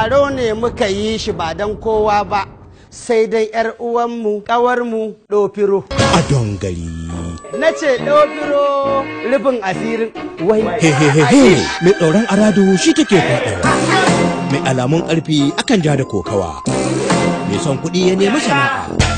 taro ne muka yi shi ba don kowa ba sai dai yar uwanmu ƙawarmu ɗofiro a dongari na ce ɗofiro rufin asirin wai hehehehe mai tsoron arado shi take faɗa mai alamun ƙarfi akan ja da kokawa mai son kuɗi ya nemi sana'a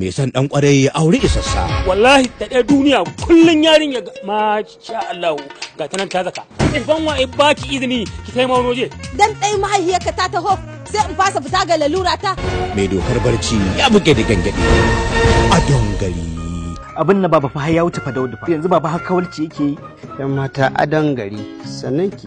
mai son dan kwarai ya aure isassa wallahi ta ɗaya duniya kullun yarin ya ma sha Allah ga tanan ta zaka ban wa baki izini ki kai mawo je dan dai mahaifiyarka ta taho sai in fasa fita ga lalura ta mai dokar barci ya buge da gangade a dongari abin na baba fa ya wuce fa da yanzu baba har kawalci yake yan mata a dangari sannan ki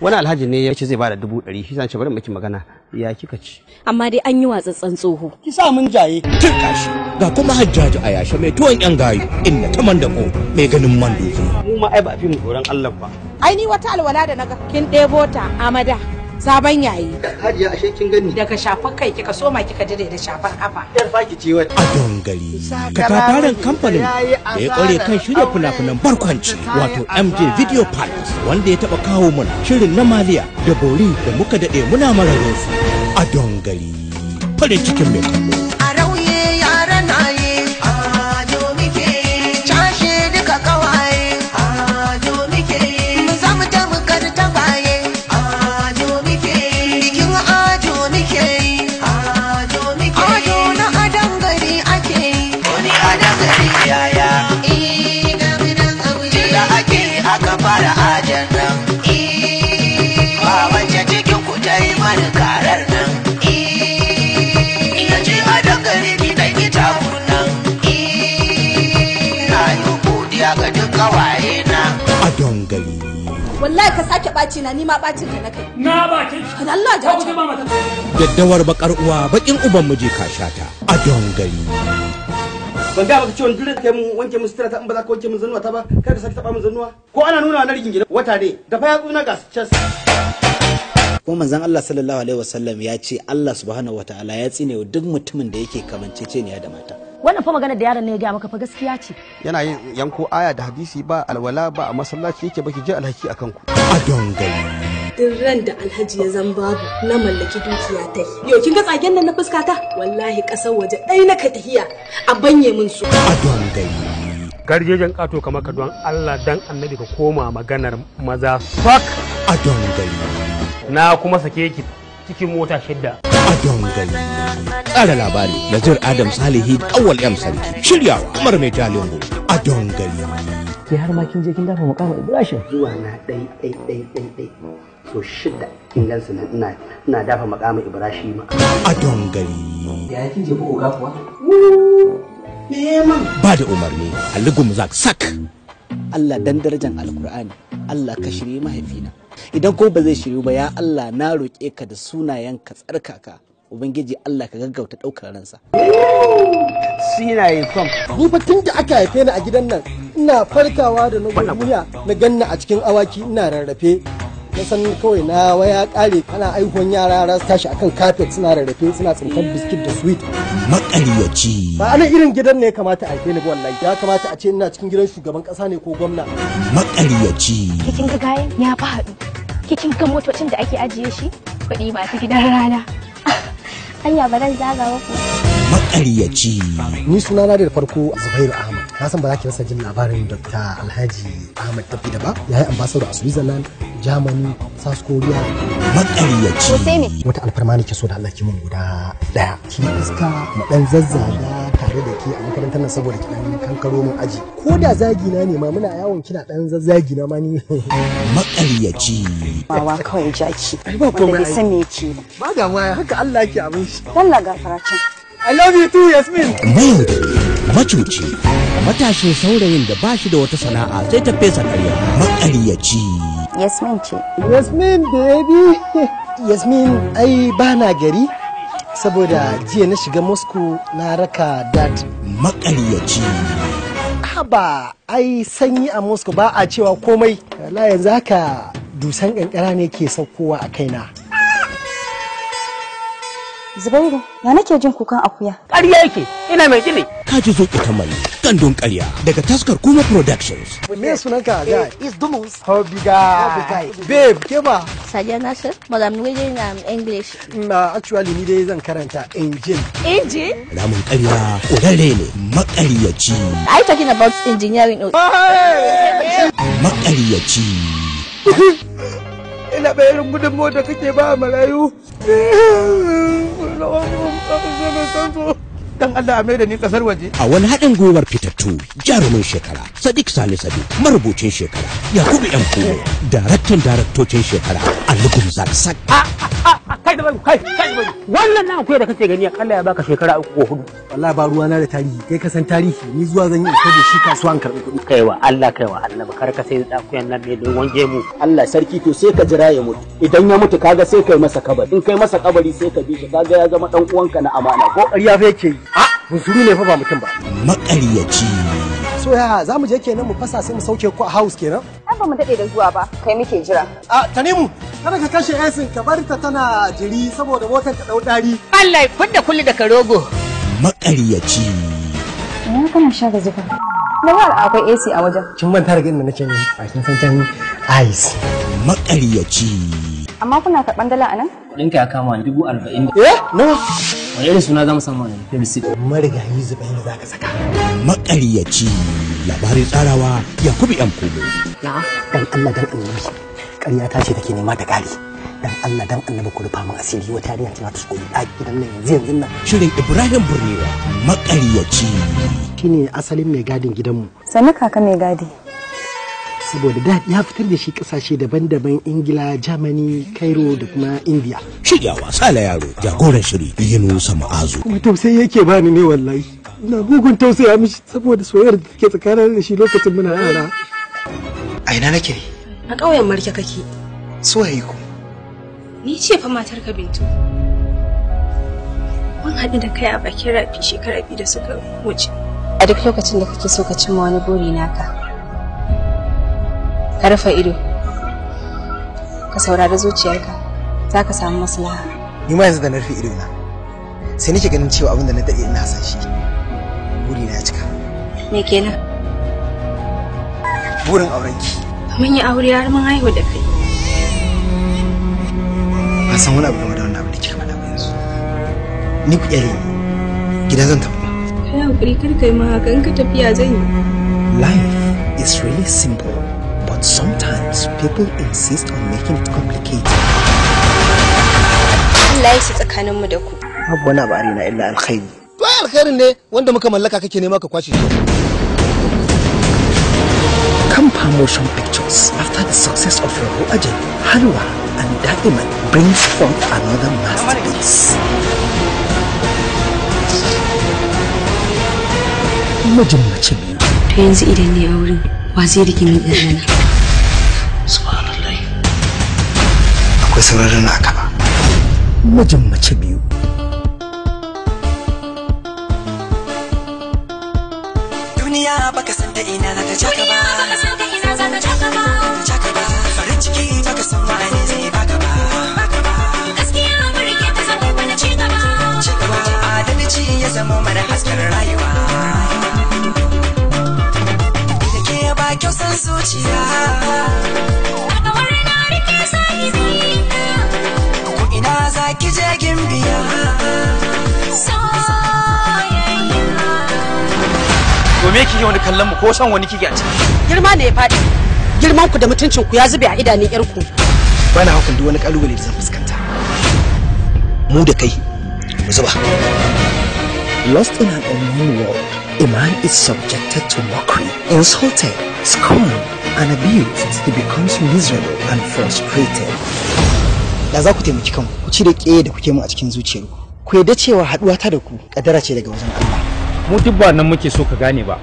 wani alhaji ne ya ce zai bada dubu ɗari shi zan ce bari miki magana ya kika ci amma dai an yi watsatsan tsoho ki sa mun jaye tun kashi ga kuma hajjaji a yashe mai tuwon yan gayu inda ta ko mai ganin man dozu mu ma ai ba fi mu horon Allah ba ai ni wata alwala da naga kin ɗebo ta amada sabon yayi hajiya ashe kin gani daga shafar kai kika soma kika dire da shafar kafa yar baki ce wata a katafaren kamfanin da ya kware kan shirya fina barkwanci wato mj video palace wanda ya taba kawo mana shirin na maliya da bori da muka dade muna mararin su a gari. farin cikin mai kallo wallahi ka sake baci na nima bacin ka na kai na baki Allah ja ta daddawar bakar uwa bakin uban mu je ka shata a don gari ban ga baka ciwon dure kai mu wanke mu sutura ta in ba za ka wanke mun zannuwa ta ba kar ka sake taba mun zannuwa ko ana nuna na rigingine wata ne da fa ya tsuna gas cas ko manzon Allah sallallahu alaihi wasallam ya ce Allah subhanahu wataala ya tsine duk mutumin da yake kamanceceniya da mata wannan fa magana da yaron ne ya gaya maka fa gaskiya ce yana yin yanko aya da hadisi ba alwala ba a masallaci yake baki ji alhaki akan ku a dongari duk ran da alhaji ya zan babu na mallaki dukiya ta yi. Yau kin ga tsagen nan na fuska ta? Wallahi kasar waje ɗai na ka tahiya a banye min su. A don Garjejen ƙato kamar ka don Allah dan annabi ka koma maganar maza. Fuck! A Na kuma sake ki cikin mota shidda. Adon gani. Tsara labari Nazir Adam Salihi Awal M Sarki. Shiryawa Umar Mai Jalingo. Adon gani. Ke har ma kin je kin dafa mukama Ibrahim. Zuwa na ɗai ɗai ɗai ɗai ɗai. So shidda in gansu nan ina ina dafa mukama Ibrahim. Adon gani. Ya kin je ko ga kuwa? Eh, ba da umarni Ali Gumzak sak. Allah dan darajan Alƙur'ani, Allah ka shirye mahaifina. idan ko ba zai shiryu ba ya Allah na roƙe ka da sunayen ka tsarkaka ubangiji Allah ka gaggauta ɗaukar ransa. Sinaye kom. Ni fa tun da aka haife ni a gidan nan ina farkawa da na na ganna a cikin awaki ina rarrafe na san kawai na waya kare ana aihuwan yara yara su tashi akan kafet suna rarrafe suna tsintar biskit da sweet makaliyaci ba ana irin gidan ne ya kamata a haife ni wallahi ya kamata a ce ina cikin gidan shugaban kasa ne ko gwamna makaliyaci kicin ga gayan ya faɗu kicin ga motocin da ake ajiye shi kuɗi masu gidan rana hanya ba zan zaga ba ku makaryaci ni sunana da farko Zubairu Ahmad na san ba za ki rasa jin labarin dr alhaji ahmad da ba ya yi ambasado a switzerland germany south korea makaryaci wata alfarma ne ke so da allah ki mun guda daya ki iska mu dan zazzaga tare da ke a makarantar nan saboda ki dan kankaro mun aji ko da zagi na ne ma muna yawon kina dan zazzagi na ma ni makaryaci wawa kawai jaki ba komai san me yake ba ga ma haka allah ke abin shi wallahi gafara I love you too Yasmin macuci matashin saurayin da ba shi da wata sana'a sai ta fesa karya makaryaci yasmin ce yasmin baby yasmin ai ba na gari saboda jiya na shiga moscow na raka dat makaryaci ba ai sanyi a moscow ba a cewa komai la yanzu haka dusan kankara ne ke saukowa a kaina Zubairu, ya nake jin kukan akuya? Ƙarya yake, ina mai jini. Ka ji zo ku tamani, kandon ƙarya daga taskar Kuma Productions. Me sunan ka ga? Is Dumus. How big guy? Babe, ke ba? Sadiya Nasir, madam we dey na English. Na mm, ah, actually ni dai zan karanta engine. Engine? Ramin ƙarya ƙurare ne, maƙaryaci. I talking about engineering. Ah, maƙaryaci. Ina bayarin gudunmawar da kake ba marayu. Allah a maida ni kasar waje a wani haɗin gwiwar fitattu jarumin shekara sadiq salisu marubucin shekara yakubu yan daraktan daraktocin shekara a lugun kai da bari kai kai bari wannan na akwai da kake gani k'alla ya baka shekara uku ko hudu wallahi ba ruwa na da tarihi kai ka san tarihi ni zuwa zan yi ita da shi kasuwa an karbi kuɗi kaiwa Allah kaiwa Allah ba kar ka sai da kuyan nan ne dogon gemu Allah sarki to sai ka jira ya mutu idan ya mutu kaga sai kai masa kabari in kai masa kabari sai ka bi shi kaga ya zama dan uwanka na amana ko ƙarya fa yake yi a ah! musuru ne fa ba mutum ba maƙaryaci so ya za mu je kenan mu fasa sai mu sauke ku a house kenan ba mu daɗe da zuwa ba kai muke jira a tanimu kada ka kashe yasin ka bar ta tana jiri saboda motar ta dau dari Allah ya kudda kulli da karogo maƙaryaci ina kana shaga zufa na ba akwai AC a wajen kin manta da inda nake ne a kin san can ice maƙaryaci amma kuna karɓan dala anan kuɗinka ya kama dubu arba'in eh nawa wani irin suna za samu wani femicid marigayi zubai da zaka saka makaryaci labarin tsarawa yakubu yan na dan allah dan annabi ƙarya ta ce take nema ta kare dan allah dan annabi ku rufa min asiri wata yarinya ta koyi gidan nan yanzu yanzu nan shirin ibrahim burnewa makaryaci shine asalin mai gadin gidanmu sannu kaka mai gadi saboda da ya fitar da shi kasashe daban-daban ingila germany cairo da kuma india shigawa sala yaro jagoran shiri sama azu kuma tausayi yake bani ne wallahi na bugun tausaya mishi saboda soyayyar da take tsakanin da shi lokacin muna yara a ina nake ne a ƙauyen marke kake soyayya ku ni ce fa matar ka bintu mun haɗu da kai a bakin rafi shekara biyu da suka wuce a duk lokacin da kake so ka cimma wani buri naka ka rufe ido ka saurari zuciyarka za ka samu maslaha ni ma yanzu da na rufe ido na sai nake ganin cewa abin da na dade ina san shi buri na cika me kenan burin ki mun yi aure har mun haihu da kai ba san wani abu game da wannan abu da kika faɗa ba yanzu ni ku ni gida zan tafi kai hakuri kar kai ma haka ka tafiya zan yi life is really simple But sometimes people insist on making it complicated. Allah ya shi tsakaninmu da ku. Babu wani abu arena illa alkhairi. To ai alkhairin ne wanda muka mallaka kake nema ka kwashe shi. Kampa Motion Pictures, after the success of Rahu Ajay, Halwa and Da'Iman brings forth another masterpiece. Majin mace ne. Ta yanzu idan ne a wurin, wa zai rike min ɗan subhanallahi akwai sararin na gaba mace biyu duniya baka san ta ina za ta jaka ba duniya baka san ba ciki baka zai baka ba adalci ya zama mana rayuwa da ke ba kyau zuciya me kike wani kallon mu ko san wani kike a ciki girma ne ya faɗi girman ku da mutuncin ku ya zube a idanun yar ku bana hakan duk wani kalubale da zan fuskanta mu da kai mu zuba lost in an unknown world a man is subjected to mockery insulted scorned and abused he becomes miserable and frustrated da za ku taimaki kanku ku cire ƙeye da kuke mu a cikin zuciyarku ku yarda cewa haɗuwa ta da ku ƙadara ce daga wajen Allah mu duk ba nan muke so ka gane ba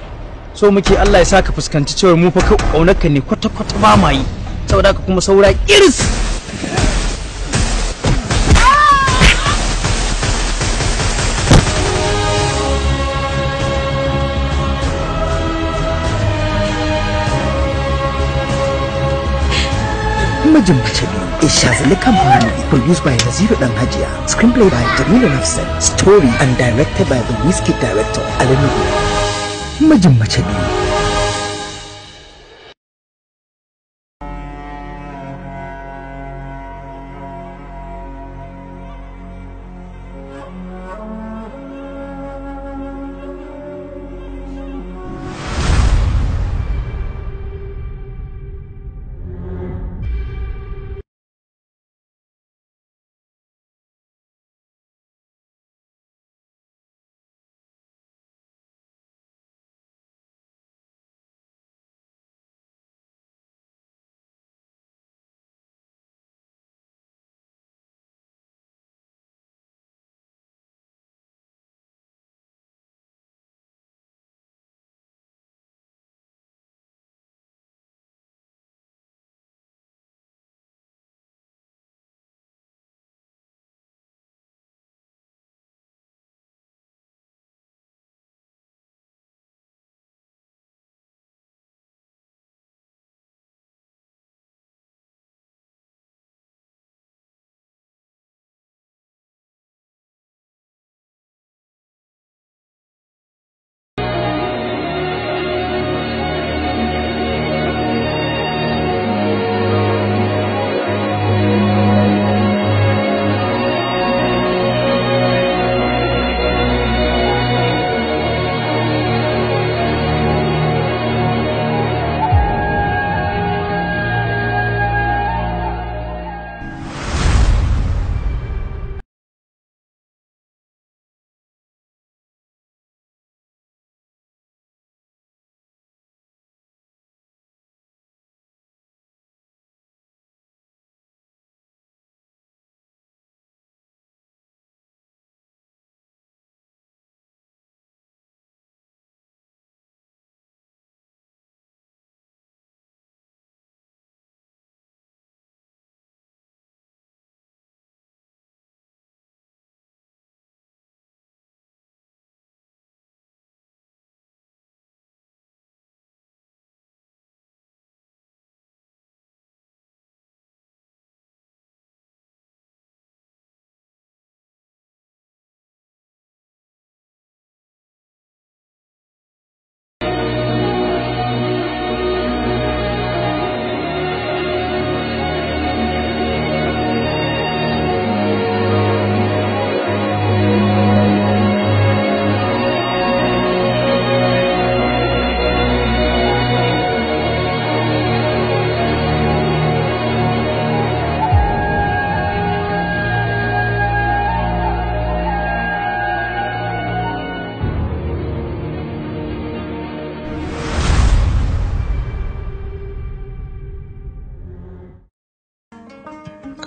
so muke Allah ya saka fuskanci cewa mu fa kaunarka ne kwata-kwata ba mai saboda ka kuma saura iris Majin Bachelor is Shazali Kamani, produced by Naziru Danhajiya, screenplay by jamila Nafsan, story and directed by the whiskey director Alinugu. Majin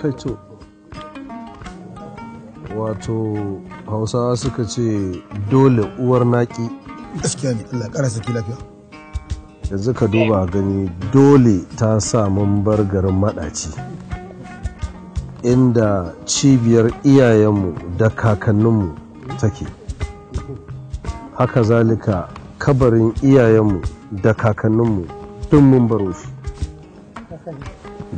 kaito wato hausawa suka ce dole uwar naki gaskiya ne allah ƙara saki lafiya yanzu ka duba gani dole ta sa mun bar garin maɗaci inda cibiyar iyayenmu da kakanninmu take haka zalika kabarin iyayenmu da kakanninmu tun mun baro shi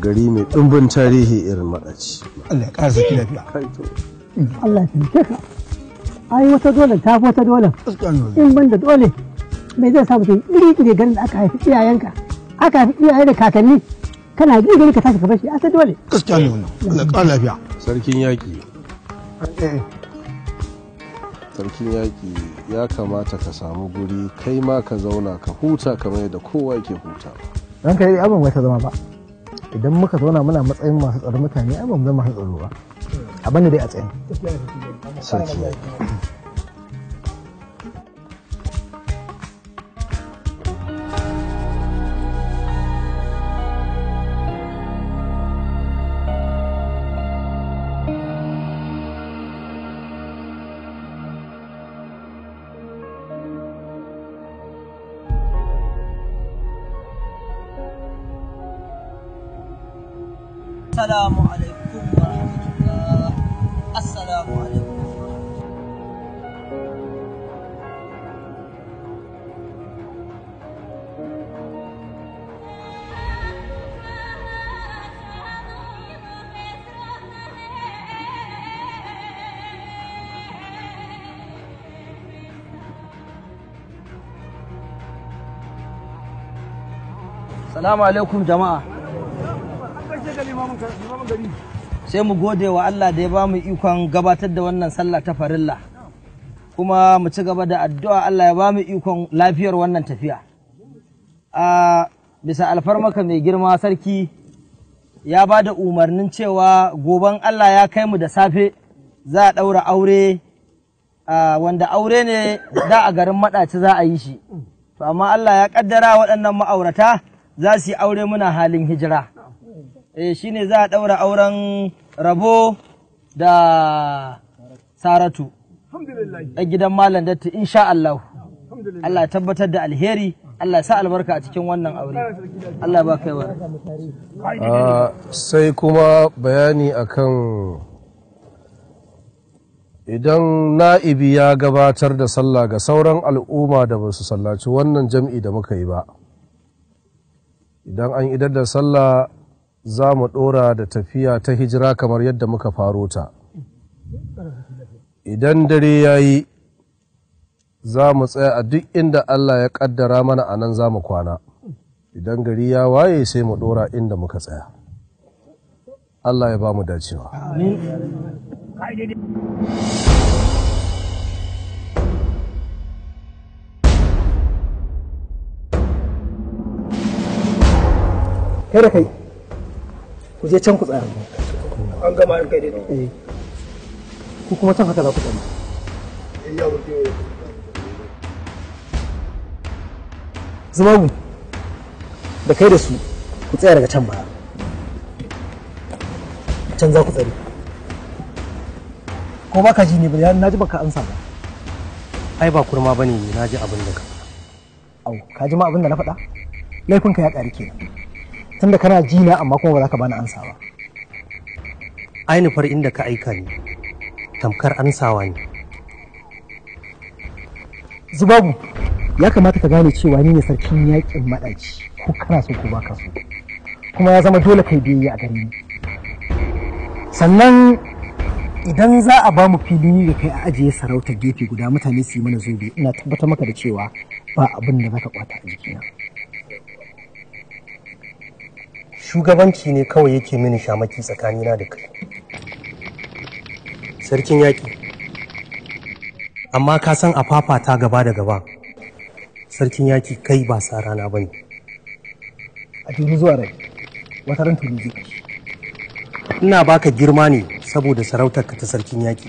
gari mai ɗumbin tarihi irin maɗaci. Allah ya ƙasa ki lafiya. Allah ya taimake ka. Ai wata dole ta fi wata dole. In ban da dole mai zai sa mutum iri ƙiri garin da aka haifi iyayenka. Aka haifi iyayen da kakanni. Kana ƙiri gari ka tashi ka bashi asa dole. Gaskiya ne wannan. Allah ya ƙara lafiya. Sarkin yaƙi. Eh. Sarkin yaƙi ya kamata ka samu guri kai ma ka zauna ka huta kamar yadda kowa ke huta. Ranka yi abin wata zama ba. idan muka zauna muna matsayin masu tsaro mutane ai ba mu zama masu tsaro ba abin da dai a tsayin sauki salamu alaikum jama'a sai mu gode wa Allah da ya ba mu ikon gabatar da wannan sallah ta farilla kuma mu ci gaba da addu'a Allah ya ba mu ikon lafiyar wannan tafiya a bisa alfarmaka mai girma sarki ya ba da umarnin cewa gobe'n Allah ya kai mu da safe za a ɗaura aure wanda aure ne da a garin maɗaci za a yi shi to amma Allah ya ƙaddara waɗannan ma'aurata za su yi aure muna halin hijira eh ne za a ɗaura auren rabo da saratu a gidan malam datti insha Allah Allah tabbatar da alheri Allah sa albarka a cikin wannan aure Allah ba kaiwa ah, sai kuma bayani akan idan na'ibi ya gabatar da sallah ga sauran al'umma da ba su sallaci wannan jam'i da muka yi ba idan an idar da sallah za mu ɗora da tafiya ta hijira kamar yadda muka faro ta idan dare ya yi za mu tsaya a duk inda allah ya ƙaddara mana a nan za mu kwana idan gari ya waye sai mu ɗora inda muka tsaya allah ya ba mu dacewa kai da kai ku je can ku tsaya an gama an kai da eh. ku kuma can haka za ku tsaya zubabu da kai da su ku tsaya daga can baya can za ku tsare ko baka ji ne ba na ji baka ansa ba ai ba kurma bane ne na ji abin da ka au ka ji ma abin da na faɗa laifinka ya ƙari kenan tunda kana jina amma kuma ba za ka bani ansa ba ainufar inda ka aika ni tamkar ansawa ne zubabu ya kamata ka gane cewa ni ne sarkin yakin maɗaci ko kana so ko baka so kuma ya zama dole kai biyayya a gare ni sannan idan za a ba mu fili da kai a ajiye sarauta gefe guda mutane su yi mana zobe ina tabbatar maka da cewa ba abin da za ka kwata a jikina. shugabanci ne kawai yake mini shamaki tsakanina da kai sarkin yaƙi amma ka san a fafata gaba da gaba sarkin yaƙi kai ba sa rana ba ne a turu zuwa rai wata ran turu ina baka girma ne saboda sarautarka ta sarkin yaƙi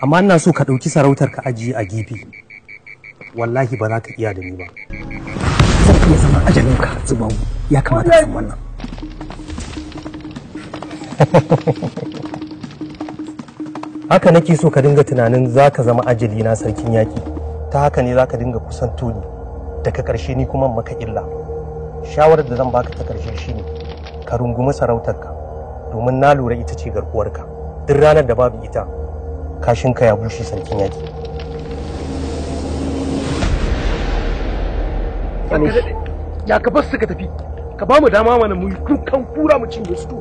amma ina so ka ɗauki sarautar ka ajiye a gefe wallahi ba za ka iya da ni ba iya zama ajalinka zubawu ya kamata san wannan haka nake so ka dinga tunanin za ka zama ajali na sarkin yaƙi ta haka ne za ka dinga kusanto ni daga ƙarshe ni kuma maka illa shawarar da zan baka ta ƙarshe ne ka rungumi ka domin na lura ita ce garkuwarka duk ranar da babu ita kashinka ya bushe sarkin yaƙi ya ka bar su ka tafi ka ba mu dama mana mu yi kukan kura mu cinye su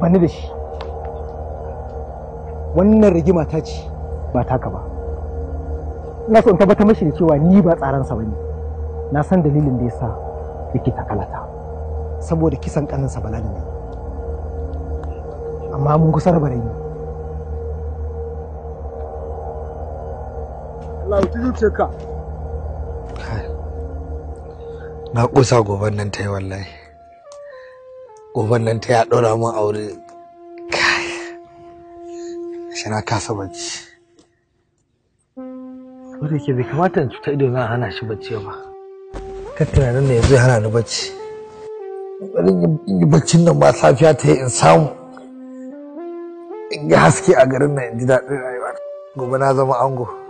bani da shi wannan rigima ta ce ba taka ba ina son in tabbatar mashi da cewa ni ba tsaransa ne na san dalilin da ya sa yake takalata saboda kisan kaninsa balani ne amma mun kusa raba raini Allah ya tuzuce ka na kusa goban nan ta yi wallahi goban nan ta ya ɗora mun aure kai shi na kasa bacci ko da ke bai kamata in cuta ido na hana shi bacci ba kan tunanin ne yanzu hana ni bacci ƙoƙarin yi baccin nan ba safiya ta yi in samu in yi haske a garin nan in ji daɗin rayuwa gobe na zama ango.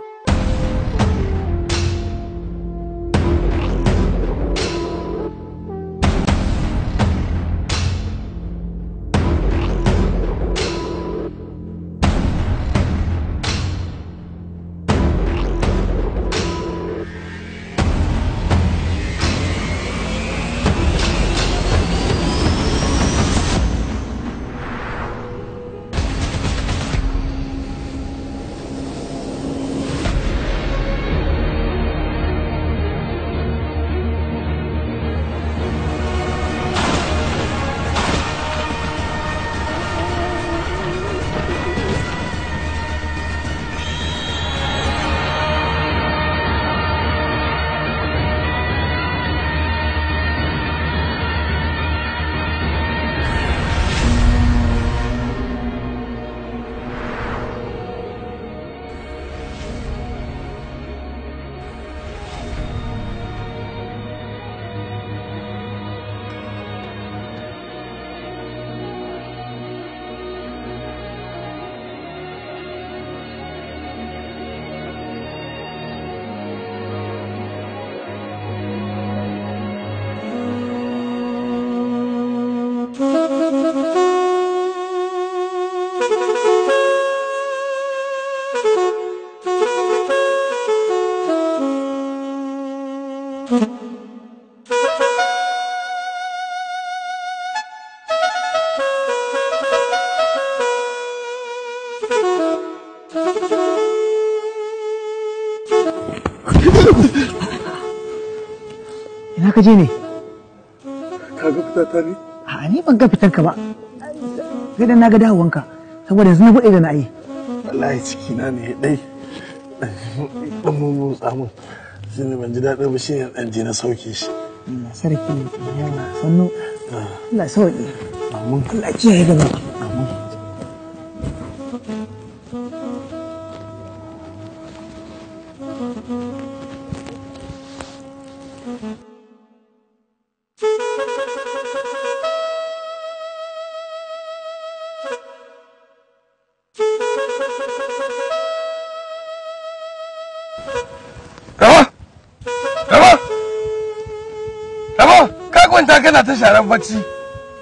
ka je ne ka ga fita ta ne a ni ban ga fitar ka ba sai dan na ga dawowanka saboda yanzu na bude da na yi wallahi ciki na ne dai dan tsamu. Sai ne ban ji dadin ba shine dan je na sauke shi sarki yana sannu ah. Allah sauke Allah kiyaye ba. sharan bacci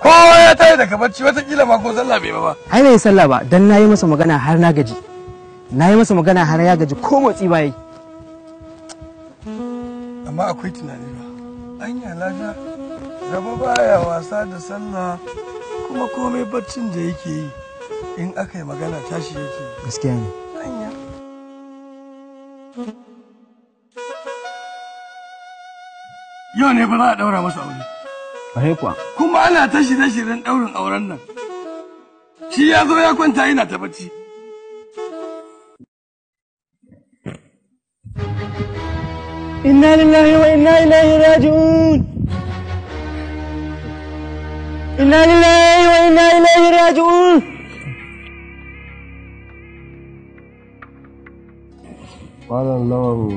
kowa ya tare daga bacci watakila ba ko sallah bai ba ba ai bai sallah ba dan nayi masa magana har na gaji nayi masa magana har ya gaji ko motsi bai amma akwai tunani ba anya lafiya gaba baya wasa da sallah kuma komai baccin da yake yi in aka yi magana tashi yake gaskiya ne yau ne ba za a daura masa aure Ahekwa. Kuma ana ta shirye-shiryen ɗaurin auren nan. Shi ya zo ya kwanta yana ta bacci. Inna lillahi wa inna ilaihi raji'un. Inna lillahi wa inna ilaihi raji'un. Malam lawan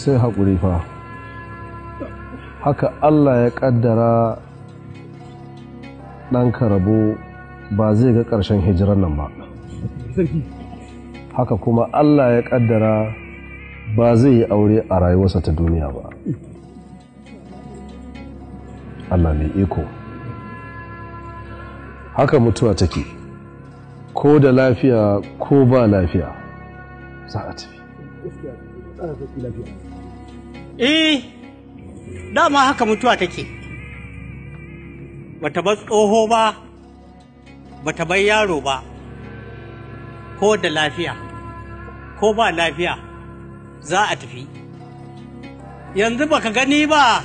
sai haƙuri fa. haka Allah ya ƙaddara ɗanka rabo ba zai ga ƙarshen hijiran nan ba haka kuma Allah ya ƙaddara ba zai yi aure a rayuwarsa ta duniya ba Allah mai iko haka mutuwa take ko da lafiya ko ba lafiya za a tafi dama haka mutuwa take bata bar tsoho ba bata bar yaro ba ko da lafiya ko ba lafiya za a tafi yanzu baka gani ba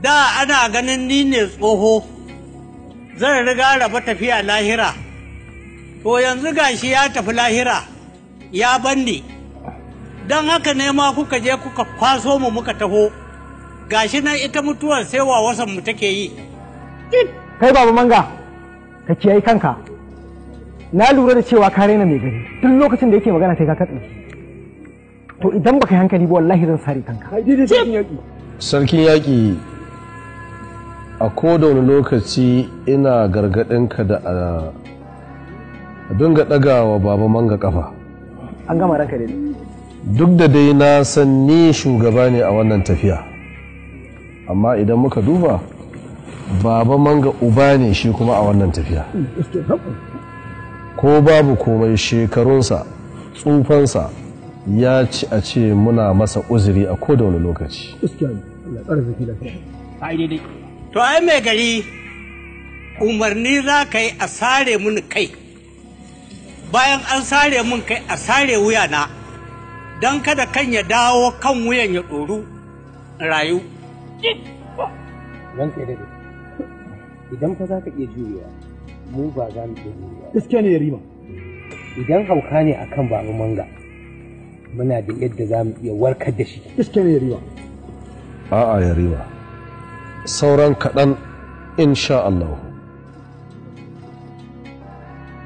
da ana ganin ni ne tsoho zan riga raba tafiya lahira to yanzu gashi ya tafi lahira ya banne don haka ne ma kuka je kuka kwaso mu muka taho gashi nan ita mutuwar sai wa wasan mu take yi kai babu manga ka kiyaye kanka na lura da cewa ka raina mai gari duk lokacin da yake magana kai ka katse to idan baka hankali ba wallahi zan sare kanka sarkin yaƙi a wani lokaci ina ka da a dinga ɗagawa baba manga kafa an gama ranka ne duk da dai na san ni shugaba ne a wannan tafiya amma idan muka duba baba manga uba ne shi kuma a wannan tafiya ko babu komai shekarunsa tsufansa ya ci a ce muna masa uzuri a da wani lokaci to ai mai gari umarni za ka yi a sare mun kai bayan an sare mun kai a sare wuya na don kada kan ya dawo kan wuyan ya ɗoru rayu Ran kai da Idan fa za ka iya juriya, mu ba za mu iya juriya. Gaskiya ne Yarima. Idan hauka ne a kan babu manga, muna da yadda za mu iya warkar da shi. Gaskiya ne Yarima. A'a Yarima. Sauran kaɗan insha Allah.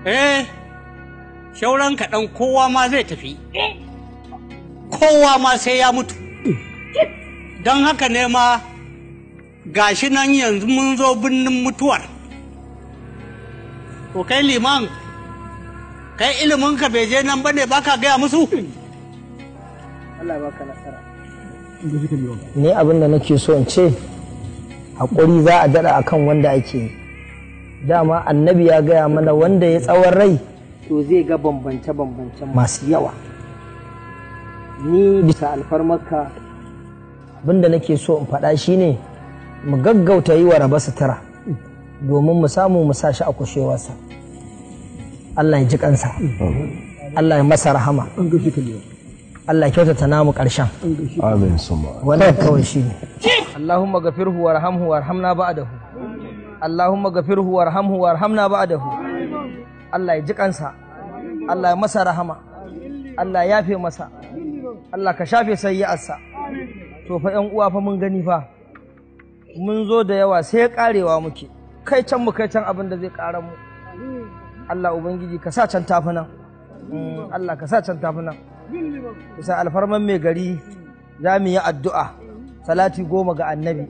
Eh, shauran kaɗan kowa ma zai tafi. Eh, kowa ma sai ya mutu. don haka ne ma gashi nan yanzu mun zo birnin mutuwar ko kai liman kai iliminka bai je nan ba ne? Ba ka gaya musu ne abin da nake so in ce haƙuri za a daɗa akan wanda ake yi dama annabi ya gaya mana wanda ya tsawon rai to zai ga bambance-bambancen masu yawa ni bisa alfarmarka abinda nake so in faɗa shine mu gaggauta yi wa raba sutura domin mu samu mu sa shi a kushewarsa Allah ya ji kansa Allah ya masa rahama Allah ya kyautata namu ƙarshen. Amin suma. Wannan kawai shi ne. Allahumma gafirhu warhamhu warhamna ba'dahu. Allahumma gafirhu warhamhu warhamna ba'dahu. Allah ya ji kansa. Allah ya masa rahama. Allah ya yafe masa. Allah ka shafe sayyi'arsa. to fa yan uwa fa mun gani fa mun zo da yawa sai karewa muke kai can mu kai can abin da zai kara mu Allah ubangiji ka sa can tafi mm, Allah ka sa can tafi nan bisa alfarman mai gari za mu yi addu'a salati goma ga annabi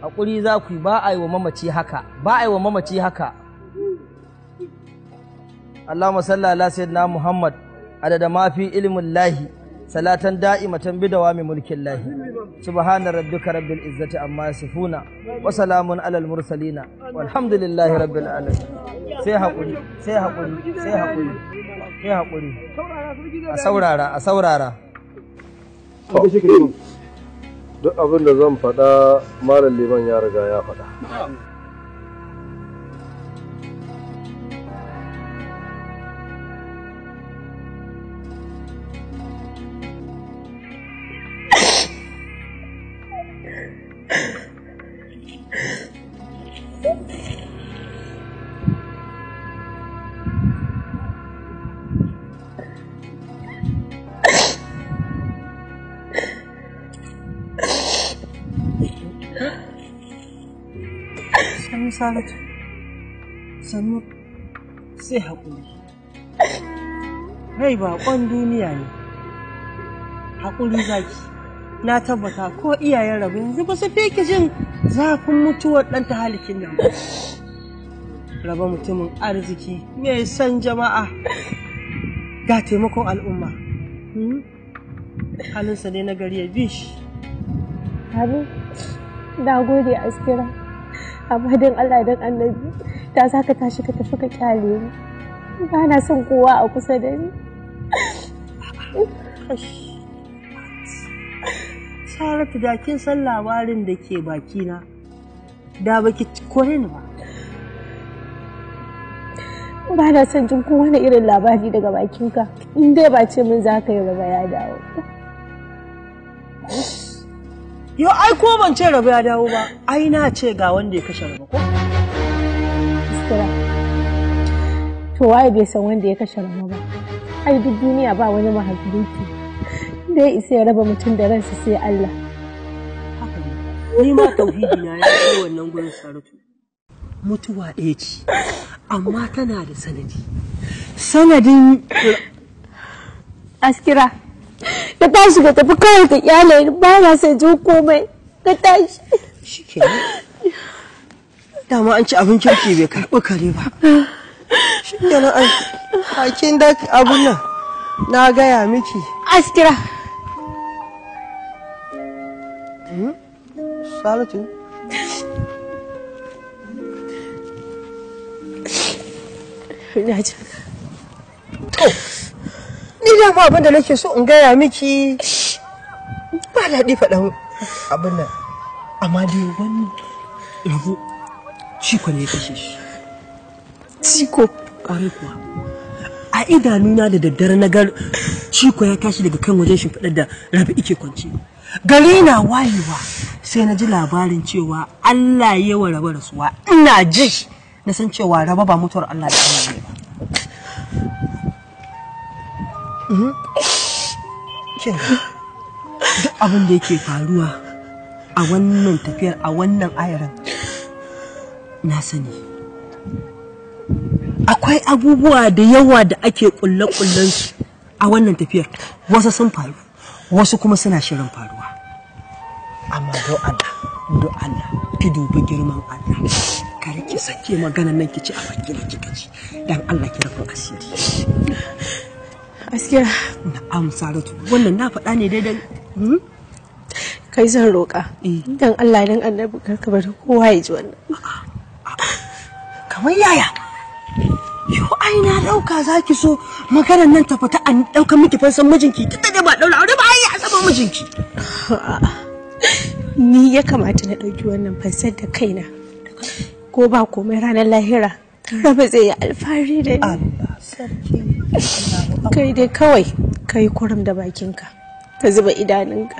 haƙuri za ku yi ba a yi wa mamaci haka ba a yi wa mamaci haka Allahumma salli ala sayyidina Muhammad adada ma fi ilmin lahi salatan da'imatan bi dawami mulkin lahi subhana rabbika rabbil izzati amma yasifuna wa salamun alal mursalina walhamdulillahi rabbil alamin sai hakuri sai hakuri sai hakuri sai hakuri a saurara a saurara duk abin da zan faɗa malam liman ya riga ya faɗa Saratu, sannu sai haƙuri. Rai baƙon duniya ne, haƙuri zaki. Na tabbata ko iyayen rabin yanzu ba su fi jin zafin mutuwar ɗan ta halikin nan ba. Raba mutumin arziki mai san jama'a ga taimakon al'umma. Hmm? Halinsa ne na gari ya bi shi. Habu, da gode askira. amma don Allah don annabi da za ka tashi ka tafi ka kyale ni ba na son kowa a kusa da ni saratu da kin san labarin da ke bakina da baki kore ni ba ba na son jin kowane irin labari daga bakinka in dai ba ce min za ka yi ba ya dawo Yo ai ko ban ce rabu ya dawo ba, ai na ce ga wanda ya kashe rabu ko? Iskira. To waye bai san wanda ya kashe rabu ba. Ai duk duniya ba wani mahaifinki. Da ya isa ya raba mutum da ransa sai Allah. Ni ma tauhidi na ya yi wannan gurin sarutu. Mutuwa ɗaya ce, amma tana da sanadi. Sanadin Askira. ka tashi ka tafi kawai ka kyale ni ba na sai ji komai ka tashi shi shike dama an ci abin kirki bai karɓi kare ba shi ke nan an hakin da abun nan na gaya miki astira salatu ina jin ni da abin da nake so in gaya miki ba daɗi faɗa abin nan amma dai wani yanzu ciko ne ya kashe shi ciko ƙwarai kuwa a idanuna da daddare na gar ciko ya kashi daga kan wajen shimfiɗar da rabi ike kwance gari na wayewa sai na ji labarin cewa allah ya wa raba rasuwa ina ji na san cewa raba ba mutuwar allah da allah ne ba kin duk abin da yake faruwa a wannan tafiyar a wannan ayaran na sani akwai abubuwa da yawa da ake kulle kullen su a wannan tafiyar wasu sun faru wasu kuma suna shirin faruwa amma do Allah do Allah ki dubi girman Allah kar ki sake magana nan ki ci a bakin ki kaji dan Allah ki rufe asiri gaskiya na'am saratu wannan na faɗa ne daidai hmm? kai zan roƙa eh. dan Allah dan annabi karka bar kowa ya ji wannan kamar yaya yo ai na dauka zaki so maganar nan ta fita an dauka miki fansan mijinki ta da ba daura aure ba ai a saman mijinki ni ya kamata na dauki wannan fansar da kaina ko ba komai ranar lahira raba zai yi alfahari da ni kai dai kawai kai kurum da bakinka ka zuba idanunka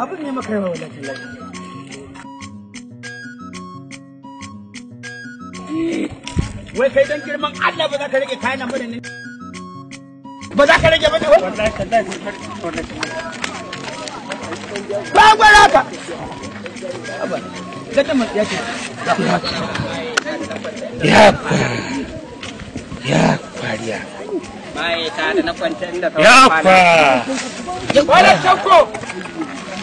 abin ne maka yawa wallahi tallahi wai kai dan girman Allah ba za ka rage kayan nan ne ba za ka rage ba ne wai ba gwara ka ya ce ya ya kwariya ya kwa ya kwa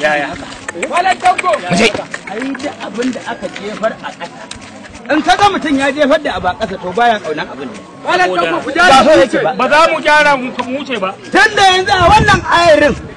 yaya haka wala dango muje ai da abin da aka jefar a ƙasa in kaga mutum ya jefar da abu a to baya kaunan abin wala dango ku gyara ba za mu gyara mu ce ba tunda yanzu a wannan ayarin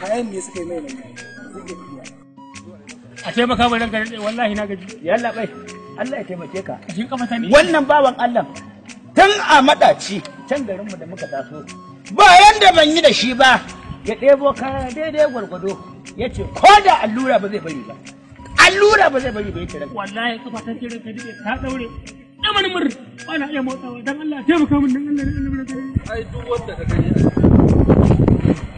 kayan ne suka yi mai nan suke tafiya a taimaka mai ranka wallahi na gaji yalla bai Allah ya taimake ka shin ka mata ne wannan bawan Allah tun a madaci can garin mu da muka taso ba yanda ban yi da shi ba ya ɗebo kaya daidai gwargwado ya ce ko da allura ba zai bari ba allura ba zai bari ba ya ce ranka wallahi kafa ta ce ka dike ta daure ɗamarin mur Wani iya motsawa don Allah taimaka min dan Allah ne Allah ne ai duk wanda ka gani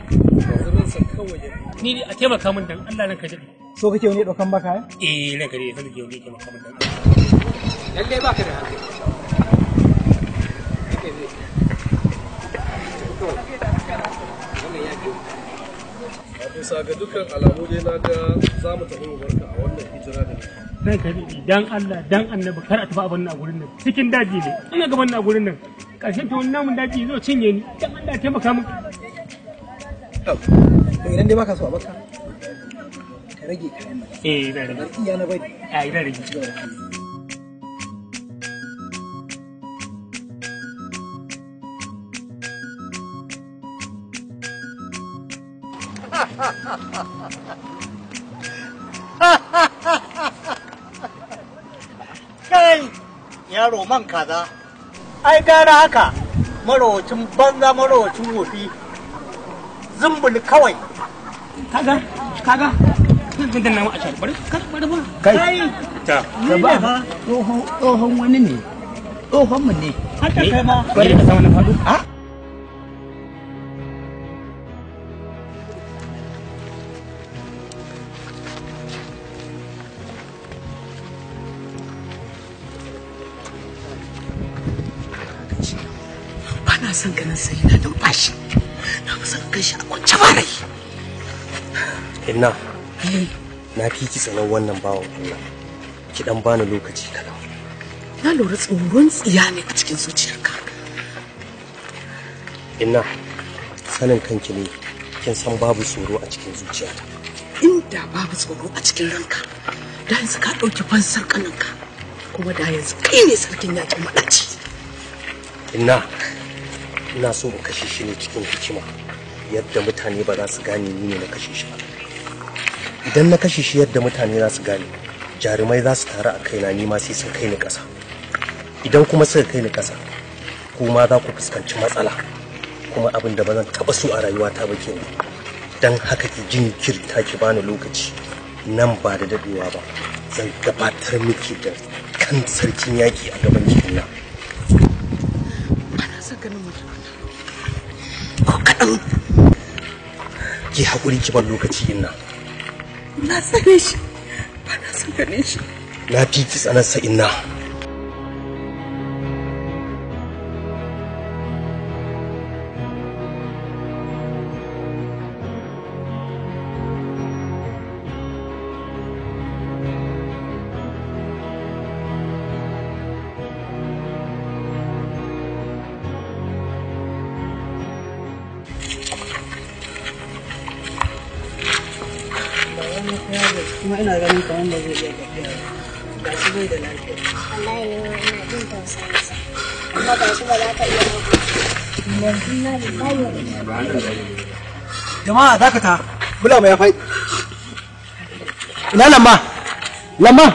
kawai ne a taimaka min dan Allah nan ka ji so kake wani dokan baka eh ranka daɗe sai kake wani taimaka min dan Allah lalle baka da bisa ga dukkan alamu dai na ga za mu tafi mu barka a wannan hijira da dan ka dan Allah dan annabi kar a tafi a gurin nan cikin daji ne ina ga a gurin nan karshen to wannan mun daji zai cinye ni dan Allah taimaka min idan eh, dai baka so a baka ka rage kayan nan eh zan rage iya na bari ah, a zan Kai yaro man kaza, ai gara haka marowacin banza marowacin wofi zumbul kawai kaga kaga kan nan a shari bari kar bari ba kai ta ni ne ba tsohon wani ne tsohon mu ne har ta kai ba bari ka samu na faɗo ah shi a kwance ba rai inna na fi ki tsanan wannan bawan Allah ki dan bani lokaci kaɗan na lura tsoron tsiya ne a cikin zuciyarka inna sanin kanki ne kin san babu tsoro a cikin zuciyata inda babu tsoro a cikin ranka da yanzu ka ɗauki fansar ka kuma da yanzu kai ne sarkin yakin maɗaci inna ina so mu kashe shi ne cikin hikima yadda mutane ba za su gane ni ne na kashe shi ba idan na kashe shi yadda mutane za su gane jarumai za su taru a kaina ni ma sai sun kai ni ƙasa idan kuma suka kai ni ƙasa kuma za ku fuskanci matsala kuma abin da ba zan taɓa so a rayuwata ba kenan don haka ki jin kirta ki bani lokaci nan ba da daɗewa ba zan gabatar miki da kan sarkin yaƙi a gaban jikina. Ana son ganin mutum. Ko kaɗan ki hakuri ki ban lokaci yin nan na sani shi ba na sani shi na fi ki tsanar inna. a'a dakata bula mai ya faɗi ina lamma lamma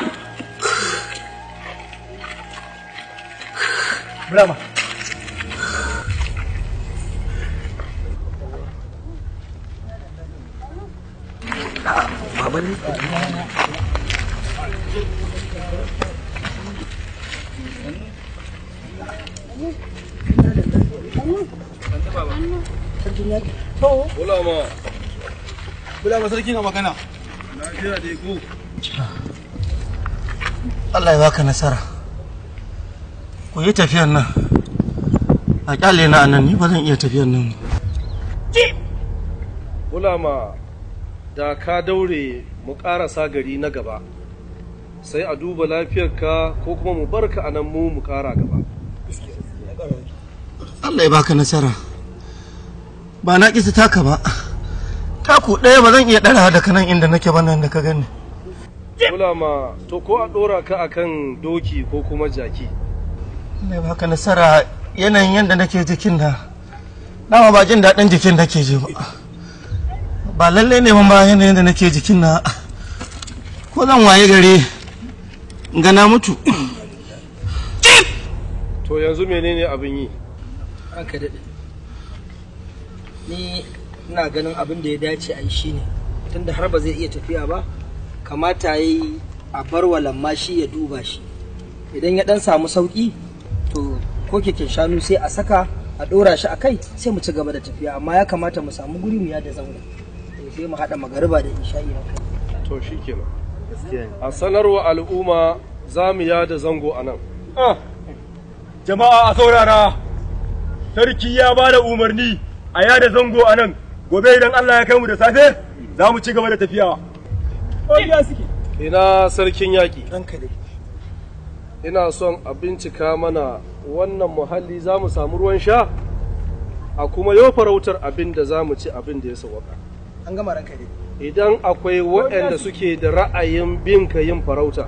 Brava. Baban ne? bakin to bula ma sarki na magana lafiya dai ko Allah ya baka nasara ku yi tafiyar nan a kyale na nan ni ba zan iya tafiyar nan bula ma da ka daure mu karasa gari na gaba sai a duba lafiyarka ko kuma mu barka anan mu mu ƙara gaba Allah ya baka nasara ba na ƙi taka ba taku ɗaya ba zan iya ɗara da kanan inda nake ba nan da ka gani ma to ko a ɗora ka akan doki ko kuma jaki ne ba ka nasara yanayin yadda nake jikin da dama ba jin daɗin jikin nake ji ba ba lallai ne ba yanayin da nake jikin na ko zan waye gare gana mutu to yanzu menene abin yi haka daɗe ni ina ganin abin da ya dace a yi shi ne tunda har ba zai iya tafiya ba kamata ya yi a bar wa lamma shi ya duba shi idan ya dan samu sauki to ko keken shanu sai a saka a ɗora shi a kai sai mu ci gaba da tafiya amma ya kamata mu samu guri mu yada zango eh, sai mu haɗa magariba da isha'i a kai to shi kenan a sanarwa al'umma za mu yada zango a nan ah, jama'a a saurara sarki ya ba da umarni a yada zango a nan gobe idan Allah ya kai mu da safe za mu ci gaba da tafiya. Ina sarkin yaƙi. Ina son a bincika mana wannan muhalli za mu samu ruwan sha a kuma yau farautar abin da za mu ci abin da ya sawaka. An gama ranka dai Idan akwai waɗanda suke da ra'ayin bin ka yin farauta,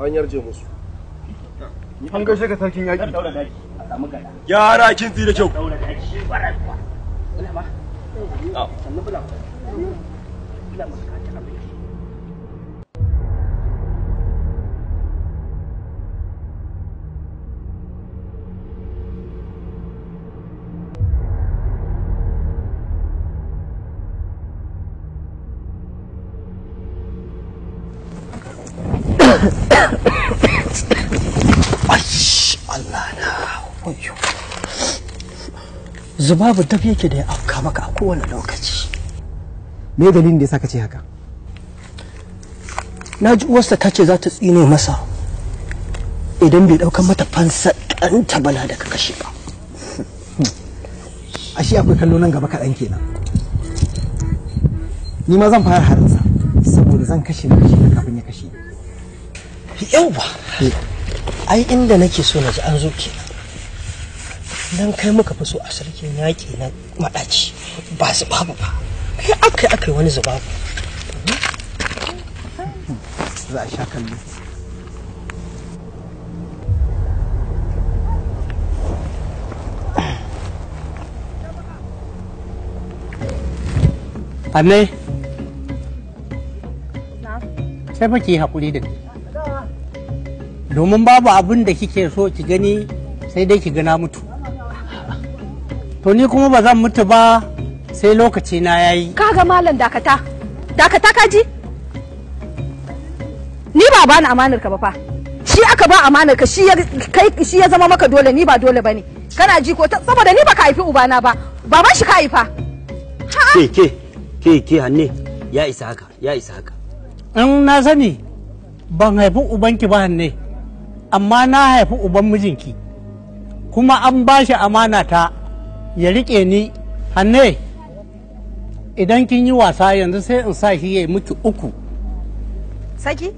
an yarje musu. An gaishe ka sarkin yaƙi. yara gyara kin tsi da kyau sannan zubabu tafi yake da ya afka maka a kowane lokaci me dalilin da ya saka ce haka na ji uwarsa ta ce za ta tsine masa idan bai ɗaukar mata fansa ɗanta bala daga kashe ba ashe akwai kallo nan gaba kaɗan kenan ni ma zan fara harinsa saboda zan kashe na kashe kafin ya kashe yauwa eh. ai inda nake so na ji an zo kenan nan kai muka fi so a sarkin yaƙi na maɗaci ba su babu ba kai akai akai wani zubabu za a sha kallo Anne, sai fa ki haƙuri da ni. Domin babu abin da kike so ki gani sai dai ki gana mutu. to ni kuma ba zan mutu ba sai lokaci na yayi kaga malam dakata dakata kaji ni ba bani amanar ka ba fa shi aka ba amanar ka shi ya kai shi ya zama maka dole ni ba dole bane kana ji ko saboda ni baka haifi ubana ba baban shi ka haifa ke ke ke ke hanne ya isa haka ya isa haka in na sani ban haifi ubanki ba hanne amma na haifi uban mijinki kuma an ba shi amana ta ya riƙe ni hannu idan kin yi wasa yanzu sai in sa shi ya miki uku saki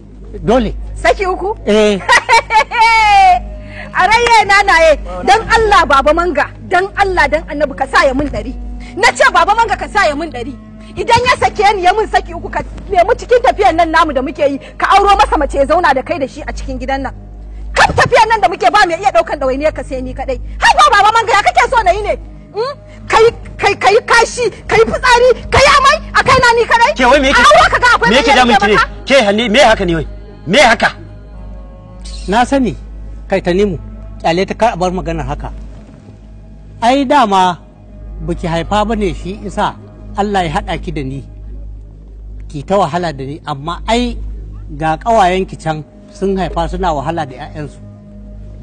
dole saki uku eh a raye na naye dan Allah baba manga dan Allah dan annabi ka sa ya mun dari na ce baba manga ka sa ya mun dari idan ya sake ni ya mun saki uku ka nemi cikin tafiyan nan namu da muke yi ka auro masa mace ya zauna da kai da shi a cikin gidan nan kan tafiyan nan da muke ba mu iya daukan ɗawainiyar ka sai ni kadai har ba baba manga ya kake so na yi ne Hmm? kai kai kai kashi kai fitsari kai amai a kai na ni kadai ke wai me yake a ka ga akwai me yake damun ki ne ke me haka ne wai me haka na sani kai ta nimu kyale ta kar bar maganar haka ai dama baki haifa bane shi isa Allah ya hada ki da ni ki ta wahala da ni amma ai ga ki can sun haifa suna wahala da 'ya'yansu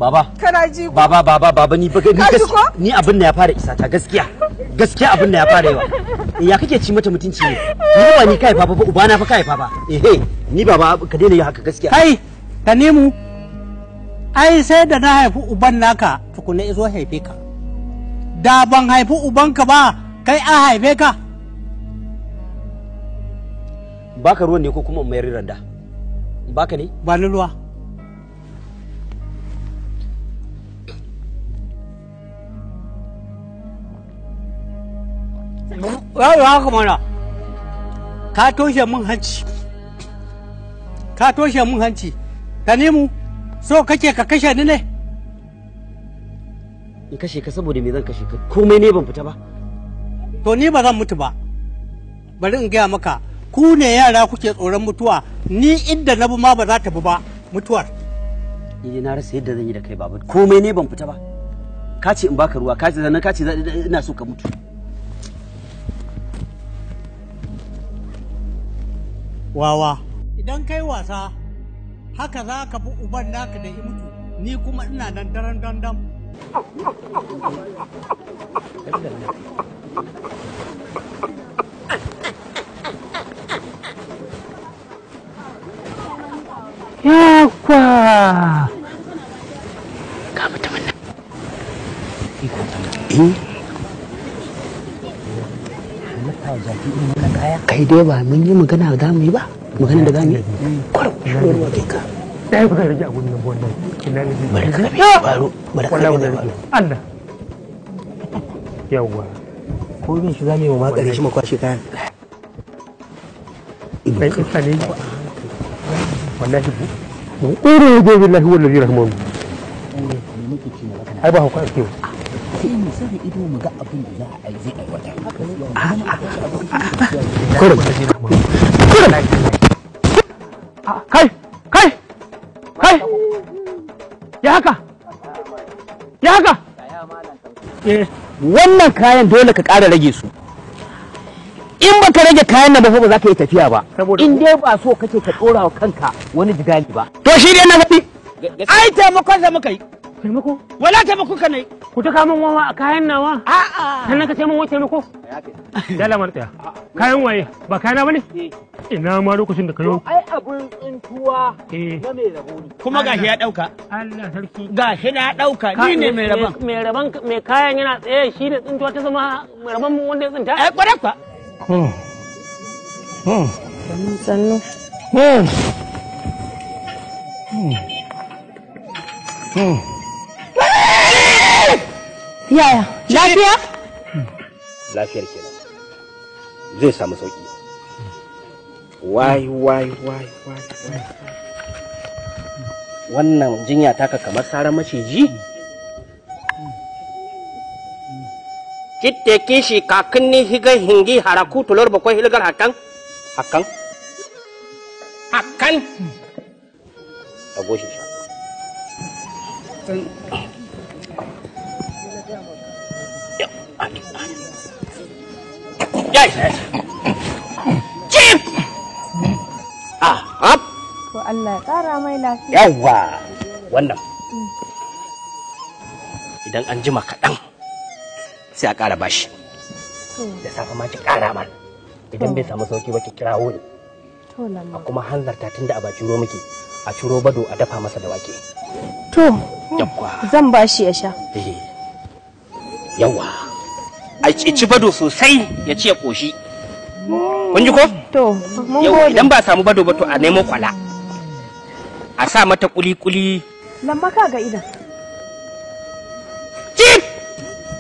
baba kana ji ko baba baba baba ni baka ni ni abin da ya fara isa ta gaskiya gaskiya abin da ya fara yawa eh, ya kake ci mata mutunci ne ni ba ni kai baba ba ubana fa kai baba ehe ni baba ka daina yi haka gaskiya kai ka nemu ai sai da na haifi uban naka tukuna izo haife ka da ban haifi ubanka ba kai a haife ka baka ruwan ne ko kuma mayar randa baka ne ba ni ruwa yaro haka mana ka toshe mun hanci ka toshe mun hanci ka nemu so kake ka kashe ni ne in kashe ka saboda me zan kashe ka komai ne ban fita ba to ni ba zan mutu ba bari in gaya maka ku ne yara kuke tsoron mutuwa ni inda na bi ma ba za ta bi ba mutuwar ni na rasa yadda zan yi da kai baba komai ne ban fita ba ka ce in baka ruwa ka ce ina so ka mutu wawa idan kai wasa haka za ka bi uban naka da ya mutu ni kuma ina nan daren dandam yakwa ikon kaya kai dai ba mun yi magana da mu yi ba magana da zamu yi kai ka dai wannan ina ne bari ka baro bari ka baro Allah ko bin shi ma kare shi kayan kai ne billahi wallahi rahmanu ai ba sai mu sa ido mu ga abin da za a yi zai aiwata kurum kurum kai kai kai ya haka ya haka wannan kayan dole ka ƙara rage su in ba ka rage kayan nan ba ba za ka yi tafiya ba in dai ba so kake ka ɗora wa kanka wani jigali ba to shi dai na faɗi ai taimakon sa muka yi Taimako? Wala taimako ka nai. Ku ta kamun wawa a kayan nawa? A'a. Sannan ka taimako min wai taimako? Dala mar tsaya. Kayan waye ba kayana bane? Eh. Ina ma lokacin da ka yi. Ai abun tsintuwa eh. na mai rabo ne. Kuma ga shi ya dauka. Allah sarki. Ga shi na dauka ni ne mai rabon. Mai rabon mai kayan yana tsaye shi ne tsintuwa ta zama mai rabon wanda ya tsinta? Ai eh, kwarai kwa. Oh. Oh. Sannu sannu. Hmm. Hmm. Yaya, lafiya? Hmm. Lafiyar kenan. Zai samu sauki. Wai, wai, wai, wai, wai. Wannan jinya taka kamar sarar maciji? Kitte kishi kakanni higa hingi haraku tulor bakwai hilgar hakan? Hakan? Hakan? Dago shi shaka. Hmm. Yes. Chief. Ah, Allah Idan an jima kaɗan sai a ƙara bashi. Da safe ƙara Idan bai samu sauki ba ki a kuma hanzarta tun da a ba ciro muke a curo bado a dafa masa da wake zan ya sha eh. a ci bado sosai ya ci ya koshi kun ji ko to idan ba samu bado ba to a nemo kwala a sa mata kuli kuli ka ga idan cip